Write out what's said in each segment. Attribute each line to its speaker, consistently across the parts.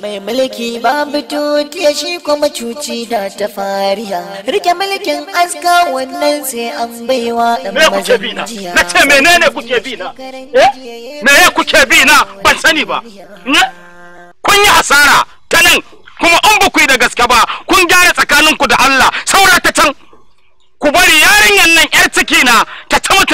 Speaker 1: mai mulki babu ya shi kuma cuci da ta fariya rike mulkin aska wannan sai an baiwa dan mazan
Speaker 2: na ce menene kuke bi na eh? me ya kuke bi na ban sani ba kun yi asara ta nan kuma in ba ku da gaske ba kun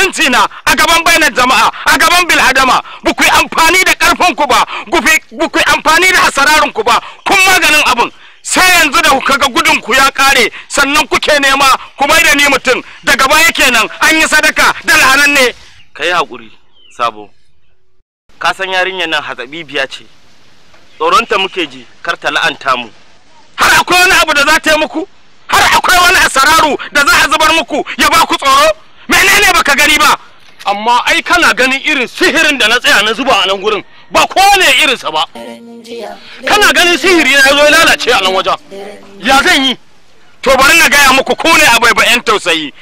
Speaker 2: mutunci na a gaban bainar jama'a a gaban bil'adama ba yi amfani da karfin ku ba ba ku amfani da hasararin ku ba kun maganin abin sai yanzu da kuka ga gudun ku ya kare sannan kuke nema ku mai da ni mutum daga baya kenan an yi sadaka da lanan ne kai hakuri sabo ka san yarinyar nan hatsabibiya ce tsoronta muke ji kar ta la'anta mu har akwai wani abu da za ta yi muku har akwai wani asararu da za a zubar muku ya ba ku tsoro menene baka gani ba amma ai kana ganin irin sihirin da na tsaya na zuba a nan gurin ba irin irinsa ba
Speaker 1: kana ganin sihiri ya zo lalace a nan wajen
Speaker 2: ya zan yi to bari na gaya muku ko ne abai ba 'yan tausayi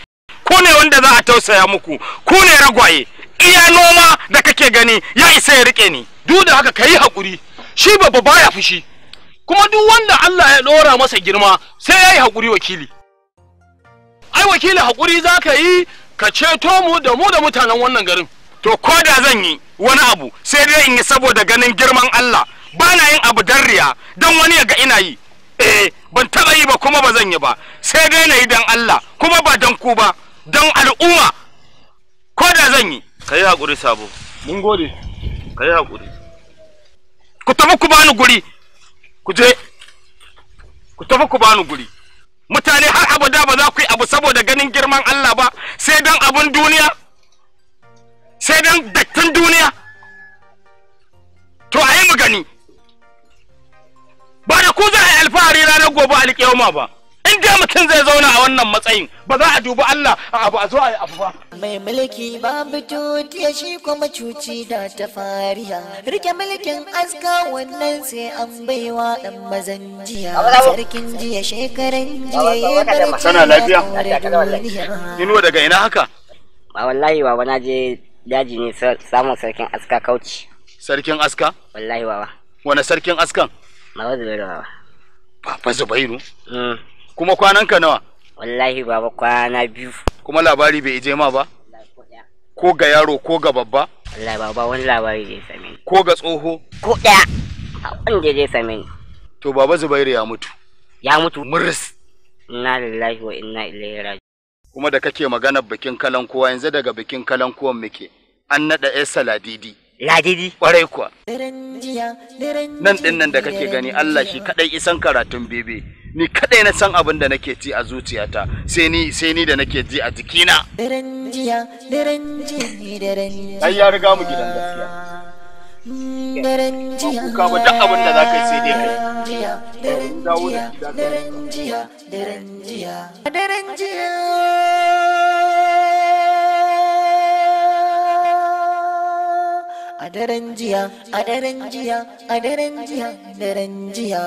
Speaker 2: ko wanda za a tausaya muku ko ne ragwaye iya noma da kake gani ya isa ya rike ni duk da haka yi hakuri shi babba baya fushi kuma duk wanda Allah ya dora masa girma sai yayi hakuri wakili ai wakili hakuri zaka yi ka ceto mu da mu da mutanen wannan garin to ko da zan yi wani abu sai dai in yi saboda ganin girman Allah ba na yin abu dan riya dan wani ya ga ina yi eh ban taba yi ba kuma ba zan yi ba sai dai na yi dan Allah kuma ba dan ku ba dan al'umma ko da zan yi kai hakuri sabo mun gode kai hakuri ku tafi ku bani guri ku je ku tafi ku bani guri mutane har abada ba za ku yi abu saboda ganin girman Allah ba sai dan abun duniya sai dan dattin duniya to a yi mu gani ba da ku za a yi alfahari ranar gobe ma ba in dai mutum zai zauna a wannan matsayin ba za a dubi Allah a abu a zo a yi abu ba
Speaker 1: mai mulki babu ya shi kuma cuci da ta fariya rike mulkin aska wannan sai an baiwa dan mazan jiya sarkin jiya shekaran jiya ya barci sana lafiya
Speaker 3: inuwa daga ina haka ba wallahi ba na je daji ne samun sarkin aska kauci sarkin aska wallahi wa. wani sarkin askan baba zubairu Ba baba zubairu mm. kuma kwananka nawa
Speaker 2: wallahi baba kwana biyu kuma labari bai ije ma ba ko ga yaro ko ga
Speaker 3: babba wallahi baba wani labari zai same ni ko ga tsoho ko daya wanda zai same ni to baba zubairu ya mutu ya mutu muris inna lillahi wa inna
Speaker 2: ilaihi raji kuma da kake magana bikin kalankuwa yanzu daga bikin kalankuwan muke an naɗa esa ladidi ladidi kwarai kuwa nan dinnan nan da kake gani allah shi kaɗai isan karatun bebe ni kadai na san abin da nake ci a zuciyata sai ni sai ni da nake ji a jikina ai ya riga mu gidan
Speaker 1: gaskiya kuka mm, ba duk abin da zaka sai dai kai dawo da jiya daren jiya daren jiya a daren jiya a daren jiya a daren jiya daren jiya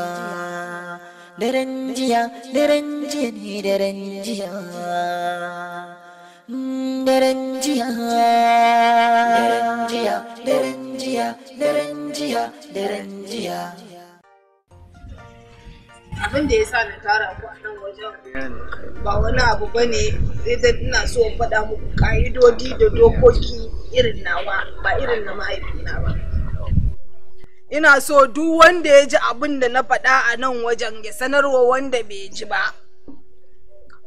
Speaker 1: derenjiya jiya daren jiya ne daren jiya daren mm, jiya daren jiya daren jiya daren jiya
Speaker 4: abin da ya sa na tara ku a nan
Speaker 1: wajen
Speaker 4: ba wani abu ba ne zai da ina so in faɗa muku ƙa'idodi da dokoki irin nawa ba irin na mahaifina ba ina so duk wanda ya ji abin da na faɗa a nan wajen ya sanarwa wanda bai ji ba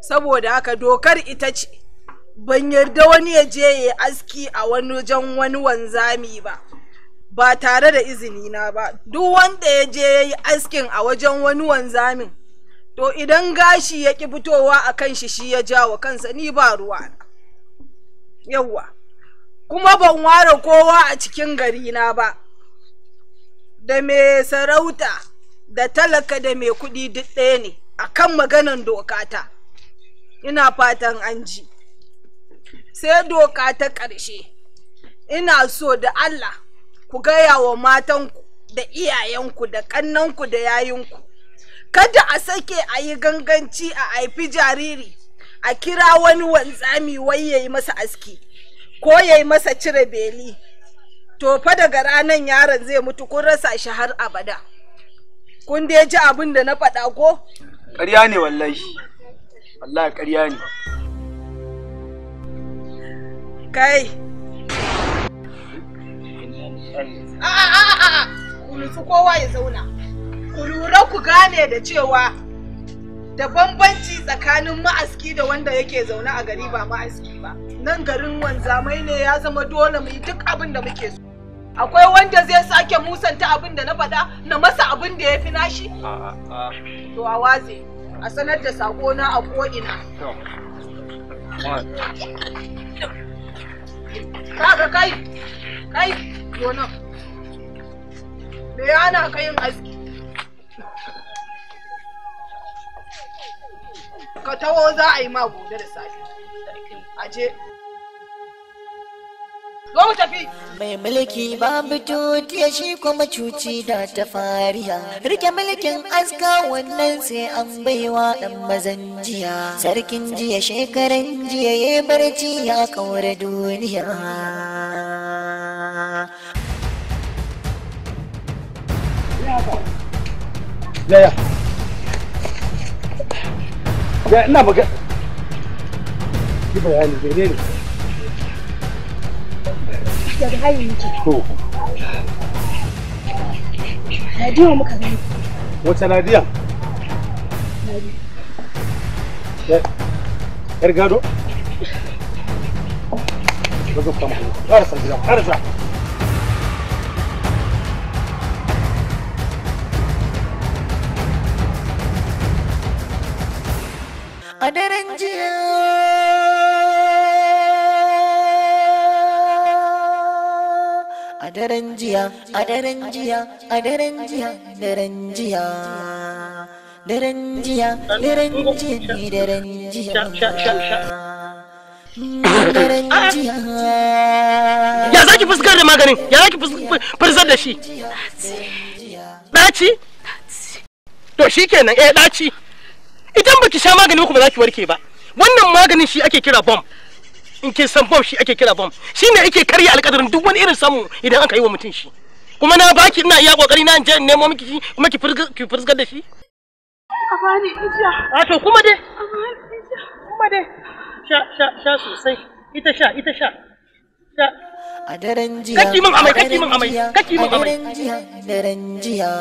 Speaker 4: saboda haka dokar ita ce ban yarda wani ya je ya aski a wani wajen wani wanzami ba ba tare da izini na ba duk wanda ya je ya yi askin a wajen wani wanzamin to idan gashi ya ki fitowa a kan shi shi ya wa kansa ni ba ruwa yawwa kuma ban ware kowa a cikin gari na ba da mai sarauta da talaka da mai kuɗi duk ɗaya ne a kan maganan dokata ina fatan an ji sai doka ta ƙarshe ina so da allah ku gaya wa matanku da iyayenku da ƙannanku da yayinku kada a sake a yi ganganci a haifi jariri a kira wani wanzami wai ya yi masa aski ko ya yi masa cire beli to fa daga ranan yaron zai mutu kun rasa shi har abada kun dai ji abin da na faɗa ko
Speaker 5: ƙarya ne wallahi wallahi
Speaker 2: ƙarya
Speaker 4: ne kai a a a ku nufi kowa ya zauna ku lura ku gane da cewa da bambanci tsakanin ma'aski da wanda yake zaune a gari ba ma'aski ba nan garin wanzamai ne ya zama dole mu yi duk abin da muke so akwai wanda zai sake musanta abin da na faɗa na masa abin da ya fi nashi? To a waze, a sanar da sako na a ko'ina. Kaga kai, kai, yonan. Me yana ka yin aski? Ka tawo za a yi ma gobe da safe. Aje.
Speaker 1: mai mulki babu tutiya shi kuma cuci da ta fariya rike mulkin aska wannan sai an baiwa dan mazan jiya sarkin jiya shekaran jiya ya barci ya kaura duniya
Speaker 6: yaya ya ina maka ki bayani ne ne
Speaker 4: daga hayin yake to Nadiya muka gani
Speaker 2: wace Nadiya yar gado ba zo kama ƙarasa gida
Speaker 6: ƙarasa
Speaker 1: a daren jiya a daren jiya a daren jiya a daren jiya daren jiya daren jiya daren jiya daren jiya ya
Speaker 3: za ki fuskar da maganin ya za ki fuskar da shi ɗaci to shi kenan eh ɗaci idan baki sha magani ku ba za ki warke ba wannan maganin shi ake kira bomb in kin san bom shi ake kira bom shi ne ake karya alƙadarin duk wani irin samu idan aka yi wa mutum shi kuma na baki ina iya kokari na je nemo miki shi kuma ki ki furgar da shi a bani a to kuma dai a bani kuma dai sha sha sha sosai ita sha ita sha
Speaker 1: a daren jiya kaki min amai kaki min amai kaki min amai daren jiya daren jiya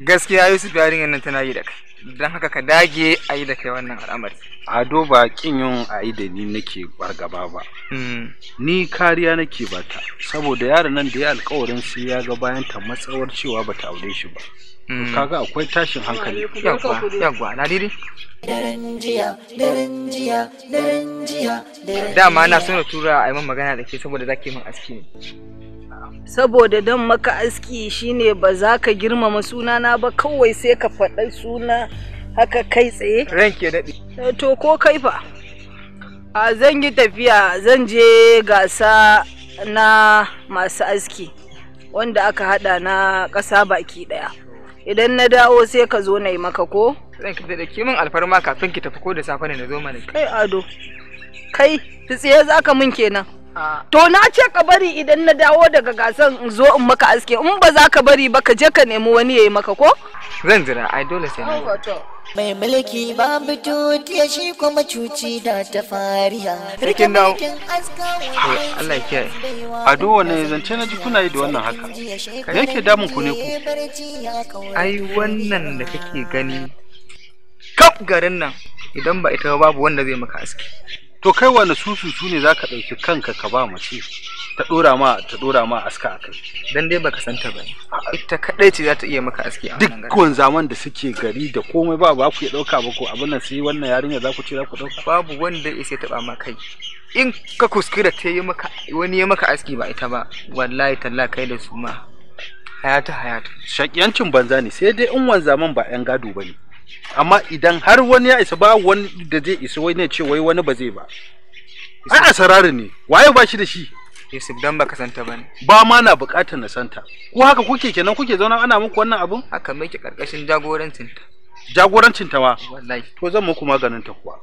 Speaker 5: gaskiya yusuf yarinyar nan tana yi da kai don haka ka dage a yi da kai wannan al'amari
Speaker 6: ado ba kin yin a yi da ni nake bargaba ba hmm. ni kariya nake bata saboda yaron nan da ya alkawarin sai ya ga bayan ta matsawar cewa bata aure shi ba hmm. kaga akwai tashin hankali yagwa na didi
Speaker 1: dama na
Speaker 5: so na tura a yi magana da ke saboda za yi min aski ne
Speaker 4: saboda don maka aski shine ba za ka girmama sunana ba kawai sai ka faɗa suna haka kai tsaye ranke daɗi eh, to ko kai fa a zan yi tafiya zan je gasa na masu aski wanda aka hada na ƙasa baki ɗaya idan na dawo sai ka zo na yi maka ko
Speaker 5: ranke daɗe da kimin alfarma kafin ki tafi ko da safe ne na zo mana
Speaker 4: kai ado kai tsiye za ka min kenan To na ce ka bari idan na dawo daga gasan in zo in maka aske in ba za ka bari ba ka je ka nemi wani yayi maka ko?
Speaker 5: Zan jira ai dole sai na.
Speaker 1: Mai mulki babu ya shi kuma cuci da ta fariya. Rikin dawo.
Speaker 6: Allah a Ado wane zance na ji kuna yi da wannan haka.
Speaker 1: Yake damun ku ne ku. Ai
Speaker 5: wannan da kake gani kaf garin nan idan ba ita babu wanda zai maka aski. to kai wani susu su ne zaka ɗauki kanka ka ba mace ta ɗora ma ta ɗora ma aska a kai dan dai baka santa ba ita kadai ce za ta iya maka aski
Speaker 6: a duk Dukkan zaman da suke gari da komai ba ba ku iya ɗauka ba ko abin nan sai wannan yarinya za ku ce za ku ɗauka babu wanda ya sai taɓa ma kai in ka kuskura ta yi maka wani ya maka aski ba ita ba wallahi talla kai da su ma hayata hayata shakiyancin banza ne sai dai in zaman ba yan gado ba ne amma idan har wani ya isa ba wani da zai isa wai ne ce wai wani ba zai ba ai asararin ne waye ba shi da shi Yusuf dan baka santa bane ba ma na bukatar na santa ko haka kuke kenan kuke zauna ana muku wannan abun haka muke karkashin jagorancin ta jagorancin ta wa wallahi to zan muku maganin ta kuwa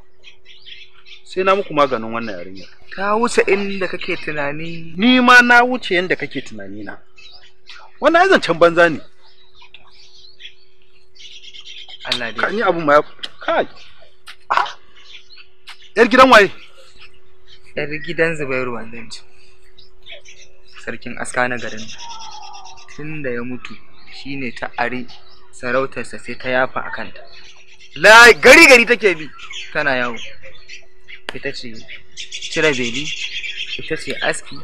Speaker 6: sai na muku maganin wannan yarinya ta wuce inda kake tunani ni ma na wuce yanda kake tunani na wannan ai zancen banza ne Allah ah.
Speaker 5: gidan waye yar gidan Zubairu Wanzanci sarkin aska na garin tunda ya mutu shine ta are sarautarsa sai ta yafa a kanta la gari gari take bi tana yawo ita ce cire beli ita ce aski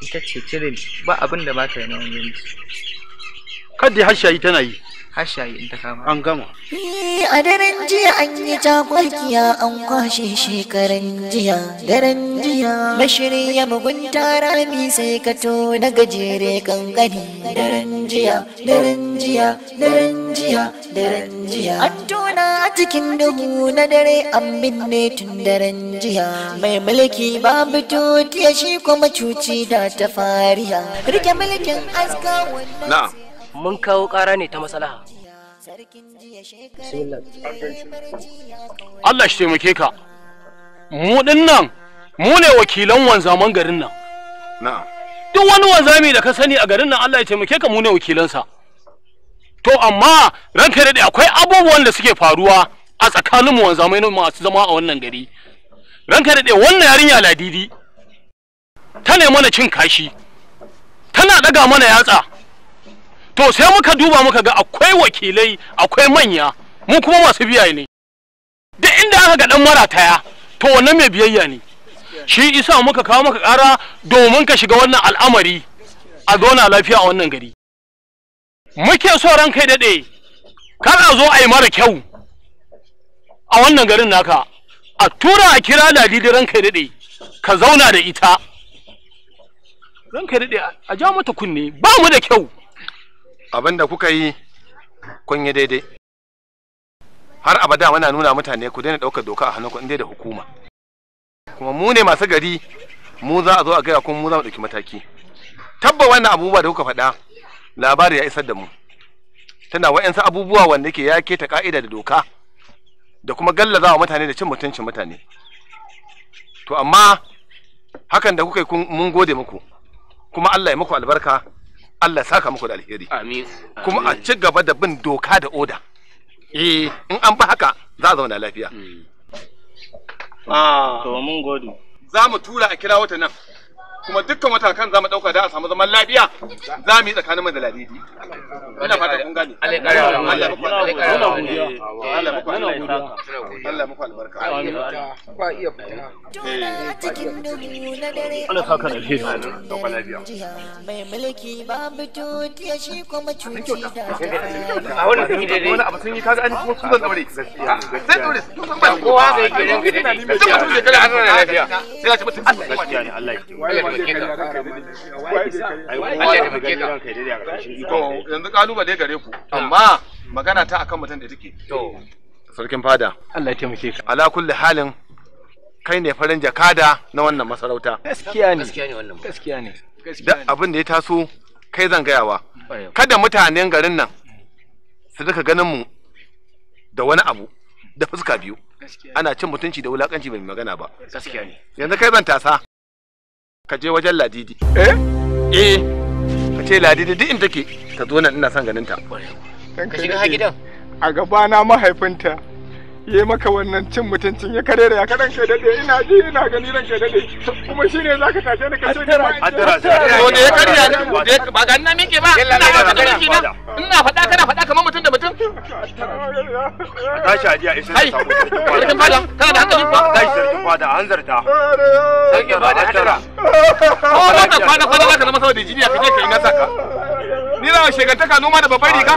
Speaker 5: ita ce cire ba abinda da ba ta yi na wani ya har yi tana yi hashaye in ta kama an gama
Speaker 1: a daren jiya an yi jagwarkiya an kwashe shekaran jiya daren jiya bashiri ya mugunta rami sai ka to na gajere kankani daren jiya daren jiya daren jiya daren jiya an tona a cikin duhu na dare an binne tun daren jiya mai mulki babu to shi kuma cuci da ta fariya rike mulkin aska
Speaker 3: na'am mun kawo ƙara ne ta maslaha Allah shi taimake ka
Speaker 2: mu nan mu ne wakilan wanzaman garin
Speaker 1: nan
Speaker 2: duk wani wanzami da ka sani a garin nan Allah ya taimake ka mu ne wakilansa to amma ranka daɗe akwai abubuwan da suke faruwa a tsakanin mu wanzamai masu zama a wannan gari ranka daɗe wannan yarinya ladidi ta ne mana cin kashi tana ɗaga mana yatsa to sai muka duba muka ga akwai wakilai akwai manya mu kuma masu biya ne da inda aka ga dan taya to wannan mai biyayya ne shi isa muka kawo maka kara domin ka shiga wannan al'amari a zauna lafiya a wannan gari muke so ran kai dade kar a zo a yi mara kyau a wannan garin naka a tura a kira ladidi ran kai dade ka zauna da ita
Speaker 7: ran kai dade a ja mata kunne ba mu da kyau abin da kuka yi kun yi daidai har abada muna nuna mutane ku daina ɗaukar doka a hannunku inda da hukuma kuma mu ne masu gari mu za a zo a gaya kuma mu za mu ɗauki mataki tabba wannan abubuwa da kuka faɗa labari ya isar da mu tana wa'yansu abubuwa wanda ke ya ta ka'ida da doka da kuma gallazawa mutane da cin mutuncin mutane to amma hakan da kuka yi mun gode muku kuma Allah ya muku albarka Allah saka muku da alheri amin kuma a ci gaba da bin doka da oda eh in an ba haka za a zauna lafiya hmm. ah. to mun gode za mu tura a kira wata nan kuma dukkan matakan za mu ɗauka da a samu zaman lafiya za mu yi tsakanin mu da ladidi ina fata kun gane Allah muku Allah muku albarka Allah ya Allah
Speaker 1: Allah da shi Allah dauka lafiya Allah ya ba Allah ya ya Allah da a Allah ya yi Allah ya Allah ya Allah ya Allah
Speaker 7: ya Allah ya Allah ya da ya da Allah ya lafiya Allah ya ci Allah ya Allah ya yanzu kalubale gare ku amma magana ta akan mutum da take sarkin fada Allah ya taimake ka ala kulli halin kai ne farin jakada na wannan masarauta gaskiya ne gaskiya ne wannan gaskiya ne da abin da ya taso kai zan gayawa kada mutanen garin nan su duka ganin mu da wani abu da fuska biyu ana cin mutunci da wulakanci bai magana ba gaskiya ne yanzu kai zan tasa ka je wajen ladidi eh eh ka ce ladidi duk inda take ta zo nan ina son ganin ta
Speaker 1: ka
Speaker 2: shiga gidan a gabana mahaifinta ya maka wannan cin mutuncin ya kare da ya kadan kai dade ina ji ina gani ran kai dade kuma shine zaka tace ni ka ce ni ba addara
Speaker 1: to
Speaker 7: ne ya karya ne ba ga nan miki ba ina ga ta miki ba ina faɗa kana faɗa kamar mutum da mutum tashi aji a isa ta mutum sarkin fada kana da hankali kuwa tashi sarkin fada a hanzarta sarkin fada addara ko ba ta kwana kwana zaka zama sama da jiniya kaje kai na saka ni na shegantaka noma da babbar riga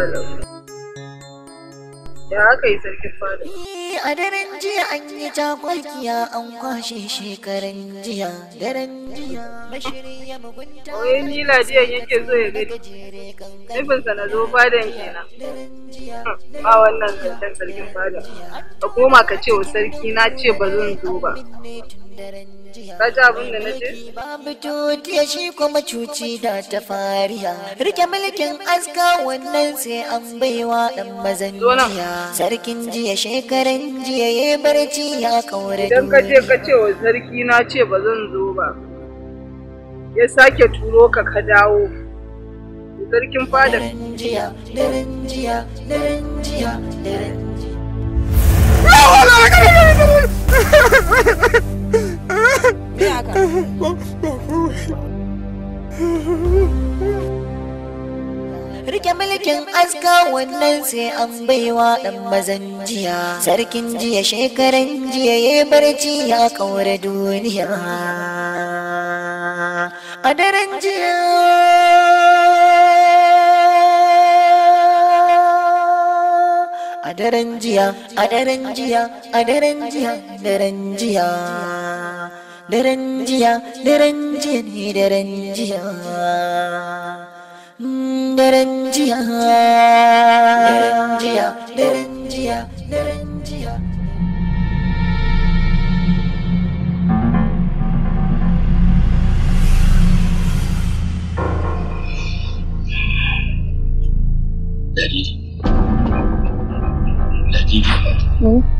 Speaker 4: yana nan yi
Speaker 1: sarkin fada. Eh, a daren jiya an yi jagwakiya an kwashe shekaran jiya daren jiya mashirya mugunta. Oye ni ladiyan yake so ya
Speaker 4: gani. Nufinsa na zo fadan kenan. Hmm, ba wannan zancen sarkin fada. Ka koma ka ce wa sarki na
Speaker 1: ce ba zan zo ba. ka abin da na je? Babu tutiya shi kuma cuci da ta fariya. Rike mulkin aska wannan sai an baiwa ɗan mazanjiya. Sarkin jiya shekaran jiya ya barci ya kaura Idan ka je ka ce wa sarki na ce
Speaker 4: ba zan zo ba. Ya sake turo ka ka dawo.
Speaker 1: Sarkin fada. Daren jiya, daren jiya, daren jiya, daren jiya. Rike mulkin aska wannan sai an baiwa dan mazan jiya. Sarkin jiya shekaran jiya ya barci ya kaura duniya. A daren jiya. A daren jiya, a daren jiya, a daren jiya, daren jiya. daren jiya daren jiya ne daren jiya daren jiya daren jiya daren jiya
Speaker 4: Hmm?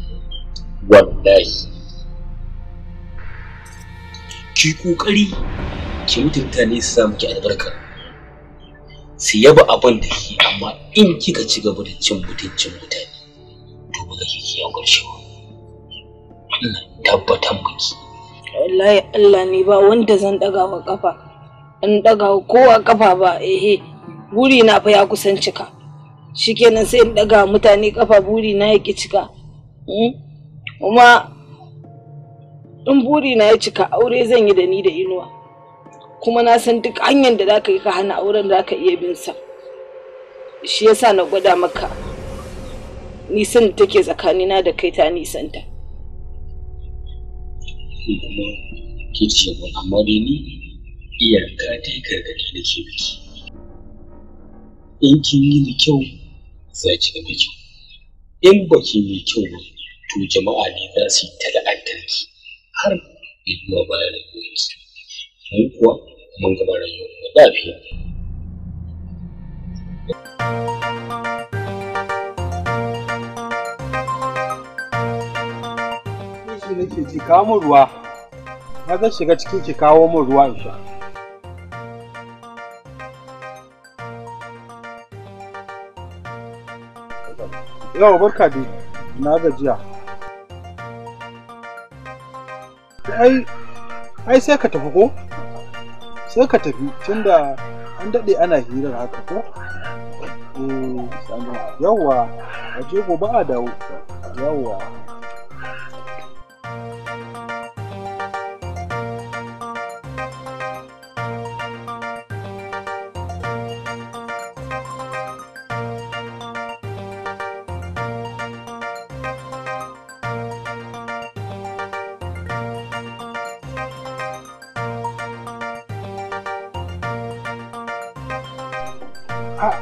Speaker 5: wallahi ki
Speaker 2: kokari ki mutunta ne su samu albarka su yaba abin da ke amma in kika ci gaba da cin mutuncin mutane
Speaker 4: to ba kike kiyan
Speaker 5: karshe ba wannan tabbatan miki
Speaker 4: wallahi Allah ne ba wanda zan daga wa kafa an daga kowa kafa ba ehe buri na fa ya kusan cika shikenan sai in daga mutane kafa buri na yake cika hmm? kuma in buri na ya cika aure zan yi da ni da inuwa kuma na san duk hanyar da zaka yi ka hana auren da zaka iya bin sa shi yasa na gwada maka nisan da take tsakanina da kai ta nisanta
Speaker 5: kici mu amma dai ni iyaka dai gargaɗi da ke biki in kin yi da kyau za ki ga kyau in ba ki yi kyau ba to jama'a ne za su yi ta la'antarki har ya zuwa baya da gobe mu kuwa mun gama rayuwar mu lafiya
Speaker 6: Shi nake ki kawo min ruwa, na ga shiga cikin ki kawo min ruwa in sha. Yau barka dai, na gajiya. ai sai ka tafi ko sai ka tafi tunda an dade ana hirar haka ko eh yawa a je gobe a dawo yawa.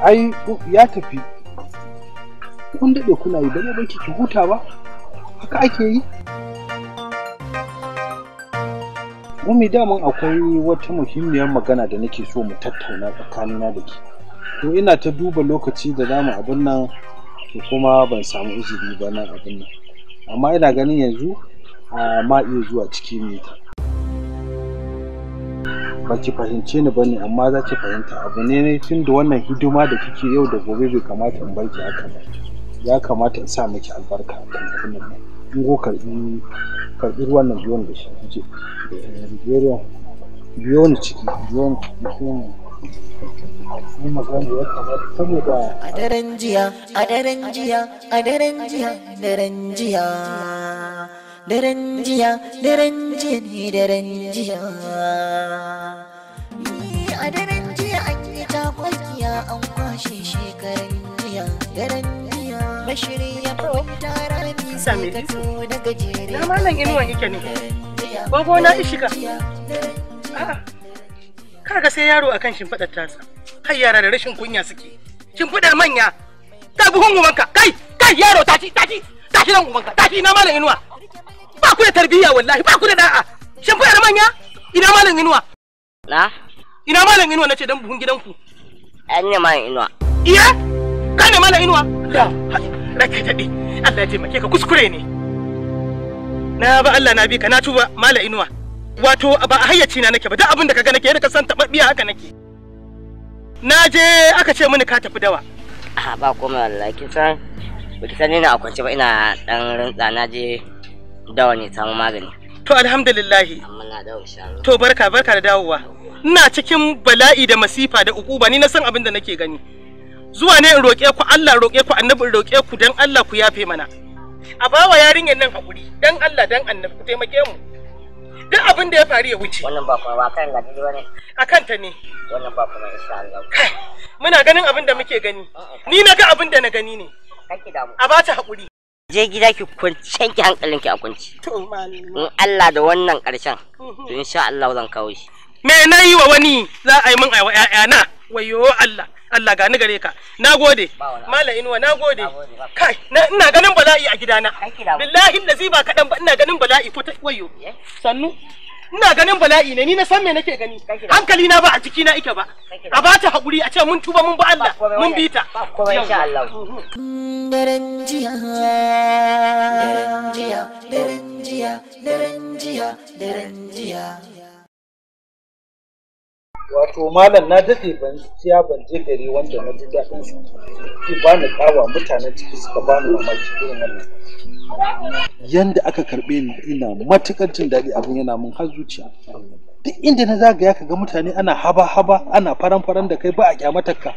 Speaker 6: ai ya tafi kun daɗe kuna yi dama banki ki huta ba haka ake yi Mummy daman akwai wata muhimmiyar magana da nake so mu tattauna tsakanina da ke. To ina ta duba lokaci da zamu abin nan to kuma ban samu izini ba nan abin nan. Amma ina ganin yanzu a ma iya zuwa cikin ne ba ki fahimce ni bane amma za ki fahimta abu ne ne tun da wannan hidima da kike yau da gobe bai kamata in barki haka ba ya kamata in sa miki albarka a kan abin nan in go karbi karbi ruwan nan biyon da shi je Nigeria biyo ni ciki biyo ni
Speaker 1: a daren jiya a daren jiya a daren jiya daren jiya daren jiya daren jiya ne daren jiya ni a daren jiya an yi takwakiya an kwashe shekaran jiya daren jiya bashiri ya fahimta rami sai ka to da gajere na malam inuwa yake ne gogo na ishika
Speaker 3: kaga sai yaro akan shimfiɗar tasa har yara da rashin kunya suke shimfiɗar manya ta buhun umanka kai kai yaro tashi tashi tashi nan umanka tashi na malam inuwa ba ku da tarbiyya wallahi ba ku da da'a shin ku da manya ina malam inuwa la ina malam inuwa nace dan buhun gidanku an ne malam inuwa iya ka ne malam inuwa da raka tadi Allah ya taimake ka kuskure ne na ba Allah na bi ka na tuba malam inuwa wato ba a hayyaci na nake ba duk abin da kaga nake yadda ka san tababbiya haka nake na je aka ce mini ka tafi dawa a ba komai wallahi kin san ba ki san ni na kwance ba ina dan rantsa na je dawa ne samu magani to alhamdulillahi to barka barka da dawowa ina cikin bala'i da masifa da ukuba ni na san abin da nake gani zuwa ne in roƙe ku Allah roƙe ku annabi in roƙe ku dan Allah ku yafe mana a bawa yarinyar nan hakuri dan Allah dan annabi ku taimake mu duk abin da ya faru ya wuce wannan ba kuma kan gaji bane akan ta ne wannan ba kuma insha Allah muna ganin abin da muke gani ni na ga abin da na gani ne a bata hakuri je gida ki kwancen ki hankalin ki a kwanci in Allah da wannan karshen mhm. to insha Allah zan kawo shi me na yi wa wani za a yi min aiwa ƴaƴana wayo Allah Allah gani gare ka na gode malam inuwa na gode kai ina ganin bala'i a gidana billahi lazi ba kaɗan ba ina ganin bala'i ko ta wayo eh? sannu ina ganin bala'i ne ni na san me nake gani hankali na ba a ciki na ike ba a ba ta hakuri a ce mun tuba mun ba Allah mun bi ta
Speaker 6: wato malam na daɗe ban ciya ban je gari wanda na ji daɗin su ki ni kawa mutanen ciki suka ba bani mamaki irin wannan yanda aka karɓe ni ina matukar cin daɗi abin yana mun har zuciya duk inda na zagaya ka ga mutane ana haba haba ana faran faran da kai ba a kyamatar ka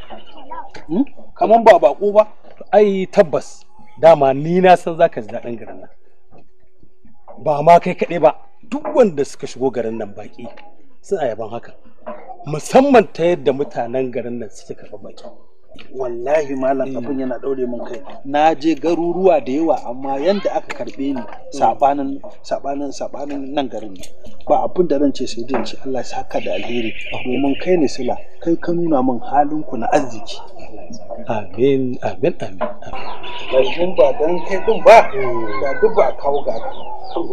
Speaker 6: hmm? kaman ba bako ba ai tabbas dama ni na san zaka ji daɗin garin nan ba ma kai kaɗai ba duk wanda suka shigo garin nan baki suna yaban haka musamman ta yadda mutanen garin nan suke karɓar baki wallahi malam abin yana daure mun kai na je garuruwa da yawa amma yanda aka karbe ni sabanin sabanin sabanin nan garin ne. ba abin da zan ce sai dai ce Allah ya saka da alheri domin kai ne sila kai ka nuna min halin ku na arziki amin amin amin amin ba dan kai din ba da duk ba kawo ga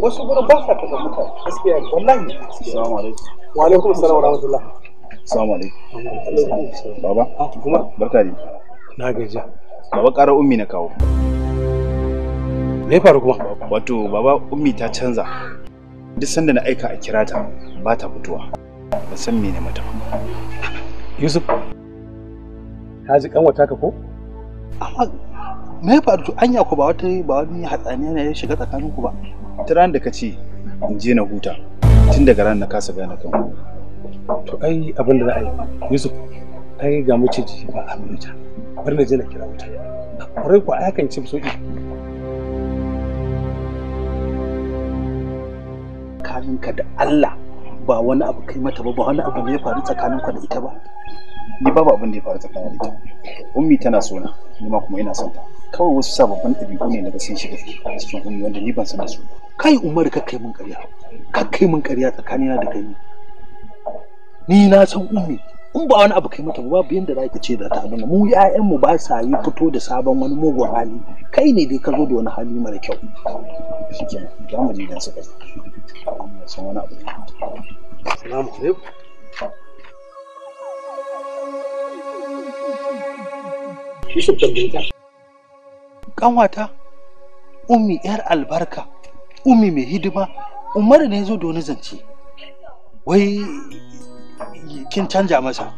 Speaker 6: wasu gurin ba sa ta mutane gaskiya wallahi assalamu alaikum wa alaikum assalam wa rahmatullah Assalamu alaikum. Baba, ah, kuma barka ne. Na gajiya. Baba ƙara ummi na kawo. Me ya faru kuma? Wato baba ummi ta canza. Duk sanda na aika a kira ta ba ta fitowa. Ba san me mata. Yusuf, ka ji kanwata ka ko? Amma me ya faru to anya ku ba wata ba wani hatsaniya ne ya shiga tsakaninku ba. Ta da ka ce in je na huta tun daga ran na kasa gane kanku. to ai abin da za a yi yusuf ai ga maciji ba a wuta bari na je na kira wuta a kwarai ko akan ci sauki tsakaninka da Allah ba wani abu kai mata ba ba wani abu ne ya faru tsakanin tsakaninku da ita ba ni ba abin da ya faru tsakanin ita ummi tana so na ni ma kuma ina son ta kawai wasu sababbin ɗabi'u ne daga sun shiga cikin ummi wanda ni ban san da su kai umar ka kai mun ƙarya ka kai mun ƙarya tsakanina da kai ni na san ummi in ba wani abu kai mata ba babu yanda zaka ce da ta abin mu ƴaƴan mu ba sa yi fito da sabon wani mugun hali kai ne dai ka zo da wani hali mara kyau za Kanwata, Ummi ‘yar albarka, Ummi mai hidima, umar ne zo da wani zance. Wai kin canja masa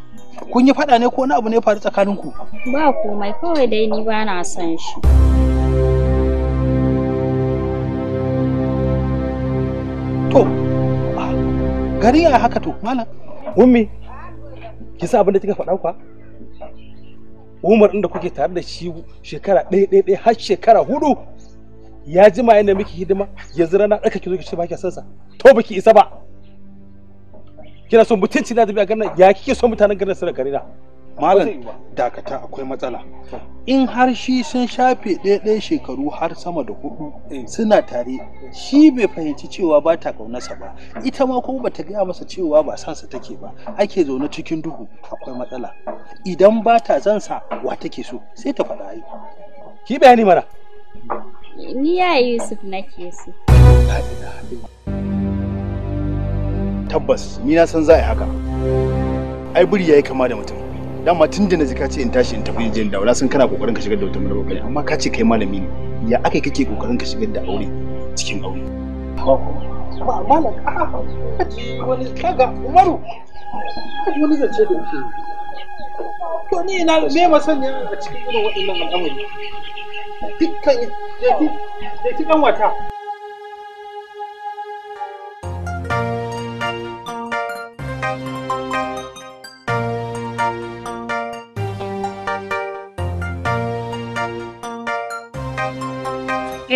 Speaker 6: kun yi faɗa ne ko wani abu ne faru tsakanin ku
Speaker 3: ba komai kawai dai ni ba na son shi
Speaker 6: to ah, gari ya haka to malam ummi ki sa abin da kika faɗa kwa umar inda kuke tare da shi shekara ɗaya ɗaya ɗaya har shekara hudu ya jima yadda muke hidima yanzu rana ɗaka ki zo ki ce ba ki son sa to biki isa ba kina son mutunci na tafi a garin ya kike son mutanen garin su da malam dakata akwai matsala in har shi sun shafe ɗaya shekaru har sama da hudu eh. suna tare shi bai fahimci cewa ba ta kaunarsa ba ita ma kuma bata gaya masa cewa ba sa take ba ake zaune cikin duhu akwai matsala idan ba ta zan sa wa take so sai ta faɗa yi ki bayani mana
Speaker 5: ni ya yusuf nake so
Speaker 6: tabbas ni na san za a yi haka ai buri yayi kama da mutum dama tun da naji ka ce in tashi in tafi in je dawo na sun kana kokarin ka shigar da wata da kai amma ka ce kai malami ne ya akai kake kokarin ka shigar da aure cikin aure ba malam wani kaga umaru wani zance da yake to ni ina me masanya a cikin irin waɗannan al'amari dukkan ya ki dan wata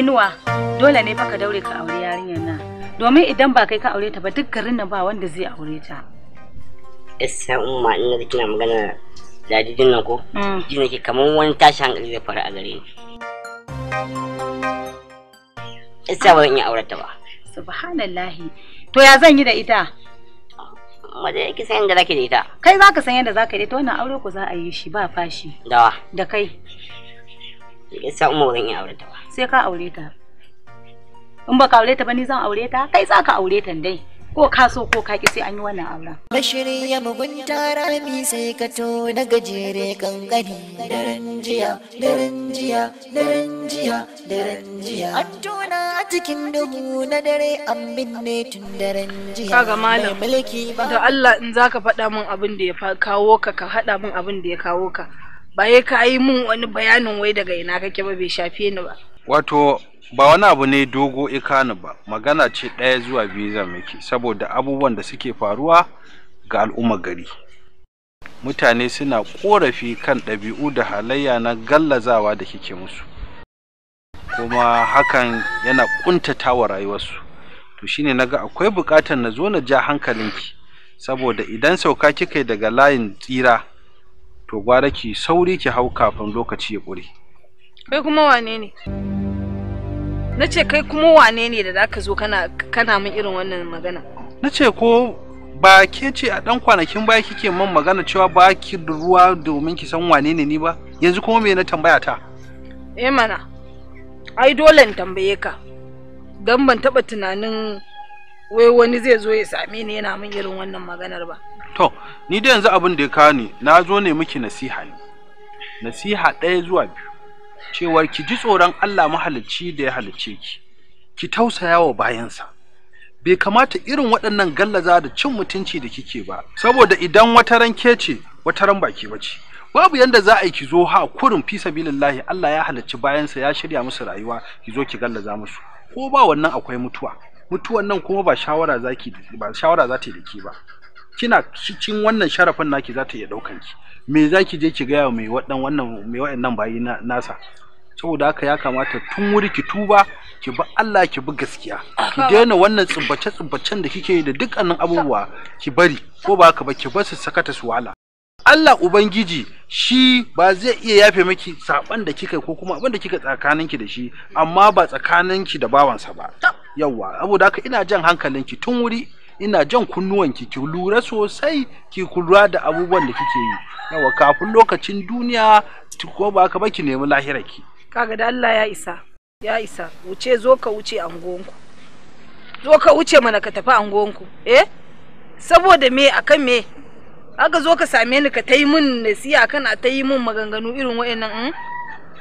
Speaker 4: inuwa dole ne fa ka daure ka aure yarinyar nan domin idan ba kai ka aure ta ba duk garin nan ba wanda zai aure ta
Speaker 3: isa umma in da kina magana da jijin nan ko mm. ji ke kamar wani tashi hankali zai faru a gare ni isa ba zan iya aure ta ba
Speaker 4: subhanallahi to ya zan yi da ita
Speaker 3: Maje yake san yadda zake da ita
Speaker 4: kai zaka san yadda zaka da ita wannan aure ko za a yi shi ba fashi dawa da kai
Speaker 3: isa umma ba zan iya aure ta
Speaker 4: ba sai ka aure ta in ba ka aure ta ba ni zan aure ta kai za ka aure ta dai ko ka so ko ka ki sai an yi wannan
Speaker 1: auren bashiri ya mugunta rami sai ka to na gajere kankani daren jiya daren jiya daren jiya daren jiya a tona cikin duhu na dare an binne tun daren jiya kaga malam da
Speaker 4: Allah in zaka faɗa min abin da ya kawo ka ka haɗa min abin da ya kawo ka ba kayi ka yi min wani bayanin wai daga ina kake ba bai shafe ni ba
Speaker 6: wato ba wani abu ne dogo ikani ba magana ce ɗaya zuwa biyu zan miki saboda abubuwan da suke faruwa ga al'umma gari mutane suna korafi kan ɗabi'u da halayya na gallazawa da kike musu kuma hakan yana ƙuntatawa rayuwarsu to shine naga akwai buƙatar na zo na ja hankalinki saboda idan sauka kika daga layin tsira to gwara ki sauri ki hau kafin lokaci ya ƙure
Speaker 4: Kai kuma wane ne? Na ce kai kuma wane ne da zaka zo kana kana min irin wannan magana?
Speaker 6: Na ce ko ba ke ce a ɗan kwanakin baya kike min magana cewa ba ki da ruwa domin ki san wane ne ni ba? Yanzu kuma me na tambaya ta?
Speaker 4: Eh mana. Ai dole in tambaye ka. Dan ban taba tunanin wai wani zai zo ya same ni yana min irin wannan maganar ba.
Speaker 6: To, ni da yanzu abin da ya kawo ni, na zo ne miki nasiha ne. Nasiha ɗaya zuwa biyu. cewar ki ji tsoron Allah mahalicci da ya halicce ki ki tausaya wa bayansa bai kamata irin waɗannan gallaza da cin mutunci da kike ba saboda idan wata ran ke ce wata ran baki bace babu yanda za a yi ki zo ha kurin fi sabilillahi Allah ya halicci bayansa ya shirya musu rayuwa ki zo ki gallaza musu ko ba wannan akwai mutuwa mutuwan nan kuma ba shawara zaki ba shawara za ta yi da ki ba kina cikin wannan sharafin naki za ta iya ɗaukan ki me za ki je ki gaya mai waɗan wannan mai waɗannan bayi nasa saboda haka ya kamata tun wuri ki tuba ki bi Allah ki bi gaskiya ki daina wannan tsubbace tsubbacen da kike yi da dukkanin abubuwa ki bari ko ba haka ba ki bar su sakata su wahala Allah Ubangiji shi ba zai iya yafe miki saban da kika ko kuma abin da kika tsakaninki da shi amma ba tsakaninki da bawansa ba yawwa saboda haka ina jan hankalinki tun wuri ina jan kunnuwanki ki lura sosai ki kula da abubuwan da kike yi yawa kafin lokacin duniya ko ba ka ba ki nemi ki?
Speaker 4: kaga da Allah ya isa ya isa wuce zo ka wuce angonku zo ka wuce mana ka tafi angonku eh saboda me akan me aka zo ka same ni ka ta yi min nasiya kana ta yi min maganganu irin wa'annan hmm?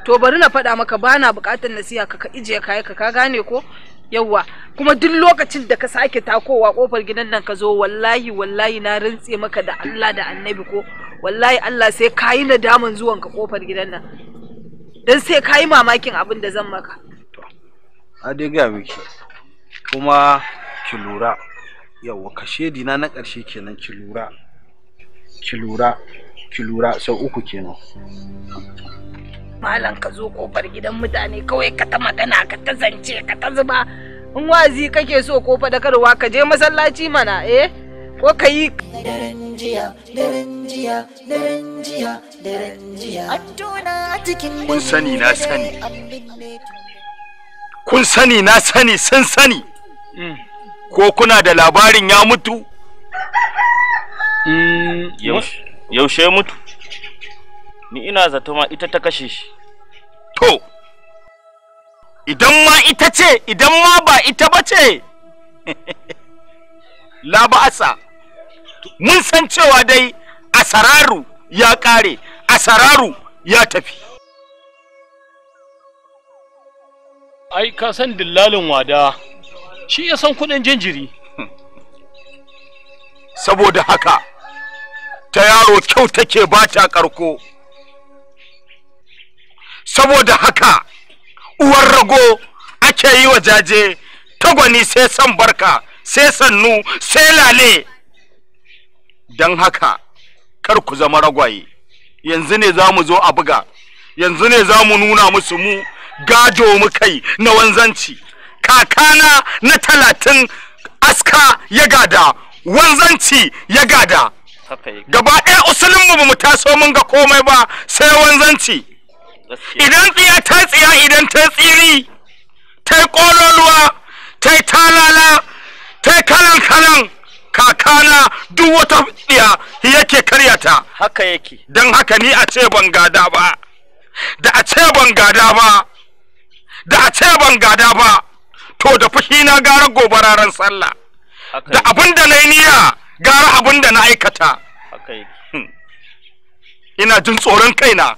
Speaker 4: to bari na faɗa maka bana buƙatar nasiya ka ka ijiye kai ka ka gane ko yawwa kuma duk lokacin da ka sake takowa kofar gidan nan ka zo wallahi wallahi na rantse maka da Allah da Annabi ko wallahi Allah sai ka yi nadaman zuwan ka kofar gidan nan dan sai ka yi mamakin abin da zan maka
Speaker 6: a dai ga miki kuma ki lura yawa kashe dina na ƙarshe kenan ki lura ki lura ki lura sau uku kenan
Speaker 4: malam ka zo kofar gidan mutane kawai ka ta magana ka ta zance ka ta zuba in wazi kake so ko fadakarwa ka je masallaci mana eh ko ka yi daren
Speaker 1: jiya daren jiya daren jiya daren jiya a cikin kun sani na sani
Speaker 2: kun sani na sani sun sani ko kuna da labarin ya mutu
Speaker 5: mm,
Speaker 2: yaushe mutu ni ina zato ma ita ta kashe shi to idan ma ita ce idan ma ba ita ba ce la mun san cewa dai asararu ya kare asararu ya tafi ai ka san dillalin wada shi ya san kudin jinjiri saboda haka ta yaro kyau take ba ta karko saboda haka uwar rago ake yi wa jaje tagwani sai san barka sai sannu sai lale don haka kar ku zama ragwaye yanzu ne za mu zo a buga yanzu ne za mu nuna musu mu gajo mu kai na wanzanci kakana na talatin aska ya gada wanzanci ya gada gaba ɗaya usulinmu mu mu taso mun ga komai ba sai wanzanci idan tsiya ta tsiya idan ta tsiri ta yi ƙololuwa ta yi talala ta yi kalan kalan kakana duk wata tsiya yake karyata haka yake don haka ni a ce ban gada ba da a ce ban gada ba da a ce ban gada ba to da fushi na gara gobararen sallah da abin da na niyya gara abin da na aikata hmm. ina jin tsoron kaina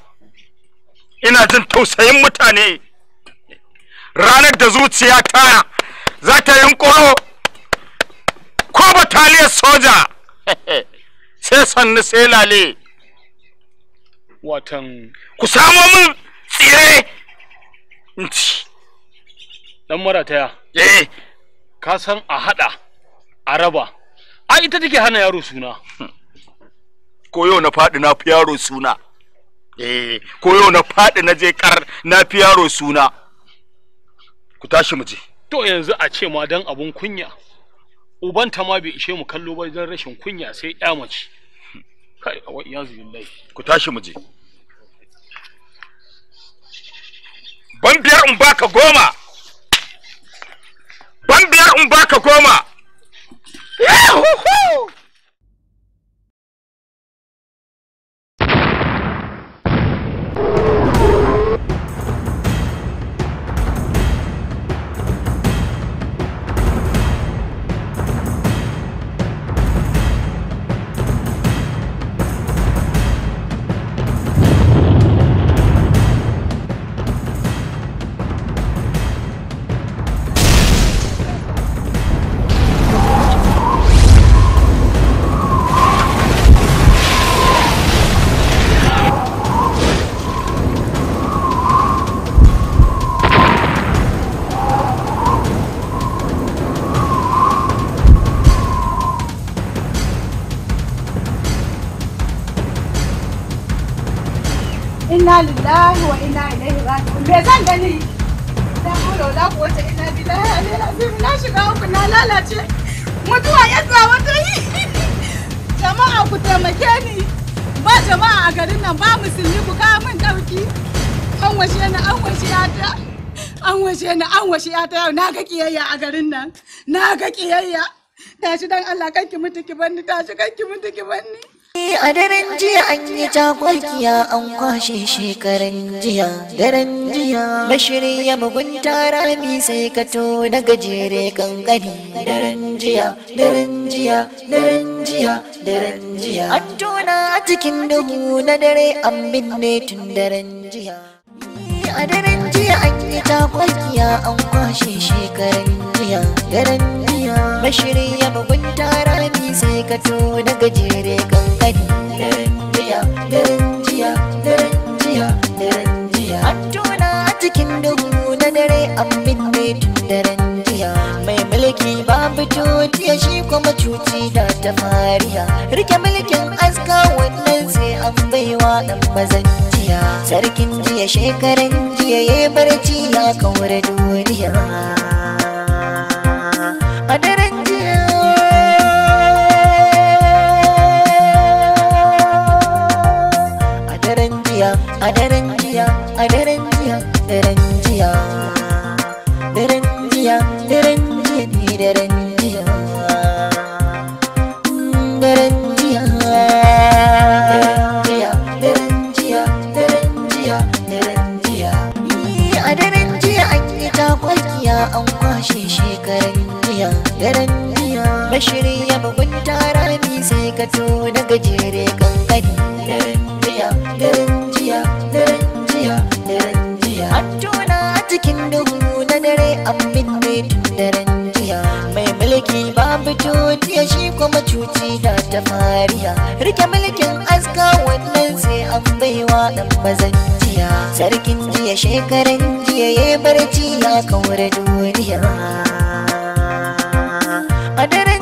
Speaker 2: ina jin tausayin mutane ranar da zuciya ta za ta yi ko bataliyar soja sai sannu sai lale watan ku samo min tsire dan taya eh ka san a hada a raba a ita take hana yaro suna ko yau na fadi na fi yaro suna eh ko yau na fadi na je kar na fi yaro suna ku tashi mu je to yanzu a ce ma dan abun kunya Uban ta ma bai ishe mu kallo ba don rashin kunya sai ya mace kai a wa'iya billahi ku tashi mu je ban biyar in baka goma ban biyar in baka goma yahuhu
Speaker 4: inna lillahi wa inna ilaihi raji'un me zan gani billahi na shiga uku na lalace mutuwa ya tsawo ta yi jama'a ku taimake ni ba jama'a a garin nan ba musulmi ku kawo min dauki an washe ni an washe ta an washe ni an washe ta yau na ga kiyayya a garin nan na ga kiyayya tashi dan Allah kanki mutu banni tashi kanki mutu banni
Speaker 1: a daren jiya an yi jagwakiya an kwashe shekaran jiya daren jiya bashiri ya mugunta rami sai ka to na gajere gangani daren jiya daren jiya daren jiya daren jiya an tona a cikin duhu na dare an binne tun daren jiya a daren jiya. jiya an yi takwakiya an kwashe shekaran jiya daren jiya bashiri ya bugun rami sai ka to da gajere kankani daren jiya daren jiya daren jiya an tona a cikin duhu na dare an binne tun daren jiya mai mulki babu totiya shi kuma cuci da ta fariya rike mulkin aska wannan sai an baiwa dan mazan duniya sarkin jiya shekaran jiya ya barci ya kawar duniya a mashirya bugun tarami sai ka da gajere kankani daren jiya daren jiya daren jiya daren jiya an cikin duhu na dare an binne daren jiya mai mulki babu ya shi kuma cuci da ta fariya rike mulkin aska wannan sai an baiwa dan jiya. sarkin jiya shekaran jiya ya barci ya kawar duniya a daren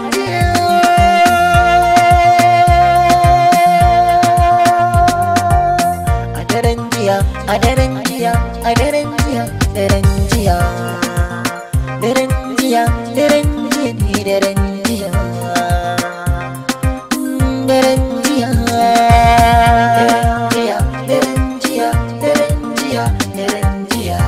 Speaker 1: jiya a daren jiya a daren jiya daren jiya daren jiya daren jiya ni daren jiya daren jiya daren jiya daren jiya daren jiya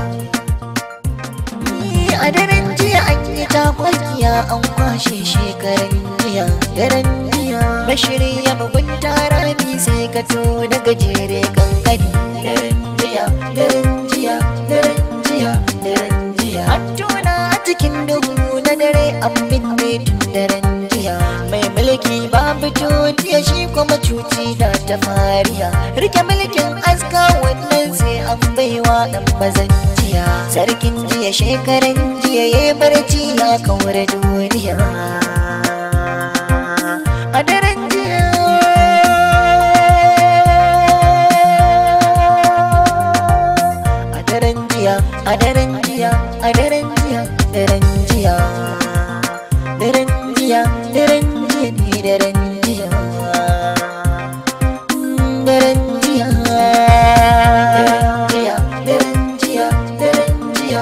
Speaker 1: a daren jiya an yi takwakiya an kwashe shekaran jiya daren Mashirya shirya bugun rami sai ka to da gajere kankani daren jiya daren jiya daren jiya daren jiya cikin duhu na dare abin ne tun daren jiya mai mulki ba fito jiya shi kuma cuci na ta fariya rike mulkin aska wannan sai an baiwa dan mazan jiya sarkin jiya shekaran jiya ya barci ya kawar duniya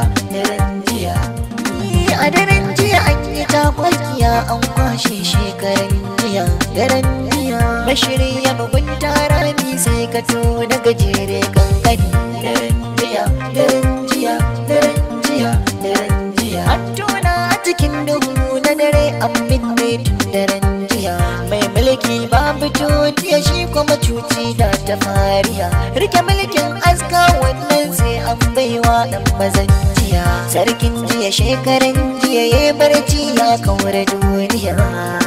Speaker 1: jiya daren jiya a daren jiya an yi takwakiya an kwashe shekaran jiya daren jiya ya mugunta rami sai ka to da gajere kankani daren jiya daren jiya daren jiya daren jiya an tona a cikin duhu na dare an binne tun daren jiya mai mulki ba fito shi kuma cuci da ta fariya rike mulkin aska. kuma dan mazanciya sarkin jiya shekaran jiya ya barci ya kawar duniya